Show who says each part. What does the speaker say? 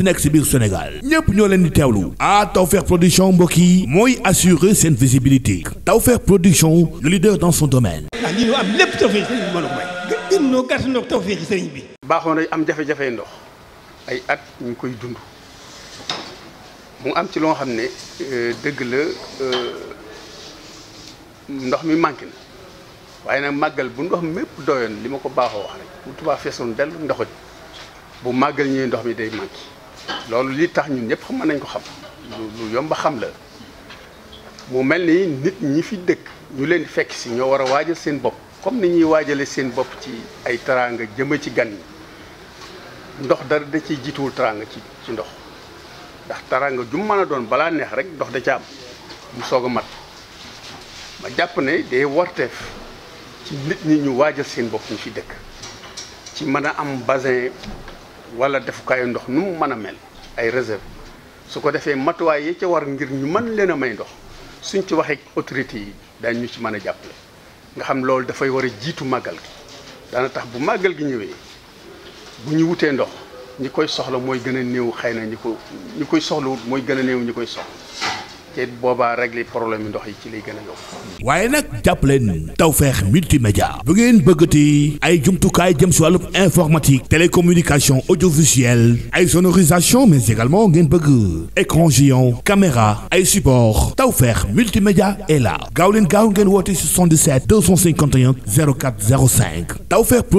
Speaker 1: munti nekk si biir Sénégal ñépp ñoo leen di teewlu ah Tawfekh production mbokk yi mooy assurer seen visibilité Tawfekh production le leader dans son domaine.
Speaker 2: ah lii ñu am a may. gën noo gàtt noo Tawfekh sëriñ bi. am jafe-jafe ndox ay at ñu koy dund mu am ci loo xam ne euh, dëgg la euh, ndox mi manqué na. waaye nag màggal bu ndox mépp doyoon li ma ko baaxoo wax rek bu tubaab feesoon dellu ndoxut bu màggal ñëwee ndox mi day manqué loolu li tax ñun ñëpp xam nañ ko xam lu yomb xam la mu mel ni nit ñi fi dëkk ñu leen fekk si ñoo war a waajal seen bopp comme ni ñuy waajale seen bopp ci ay teraanga jëme ci gan ndox dara da ciy jiituwul teraanga ci ci ndox ndax teraanga ju mën a doon balaa neex rek ndox da ca am mu soog a mat ma jàpp ne day warteef ci nit ñi ñu waajal seen bopp ñu fi dëkk ci mën a am basin walla defukaayu ndox nu mu mën a mel ay réserve su ko defee matuwaay yi ca war ngir ñu mën leen a may ndox suñ ci waxee autorité yi daañ ñu ci mën a jàppale nga xam loolu dafay war a jiitu màggal gi dana tax bu màggal gi ñëwee bu ñu wutee ndox ñi koy soxla mooy gën a néew xëy na ñi ko ñi koy soxlawut mooy gën a néew ñi koy soxla te boobaa régler problème ndox yi ci lay gën a yomb.
Speaker 1: waaye nag jàppaleen Tawfekh multimédia bu ngeen bëggati ay jumtukaay jëm si wàllu informatique télécommunication audiovisuelle ay sonorisation mais également ngeen bëgg écran géant caméra ay support Tawfekh multimédia est la gaaw leen gaaw ngeen woote 77 251 04 05 Tawfekh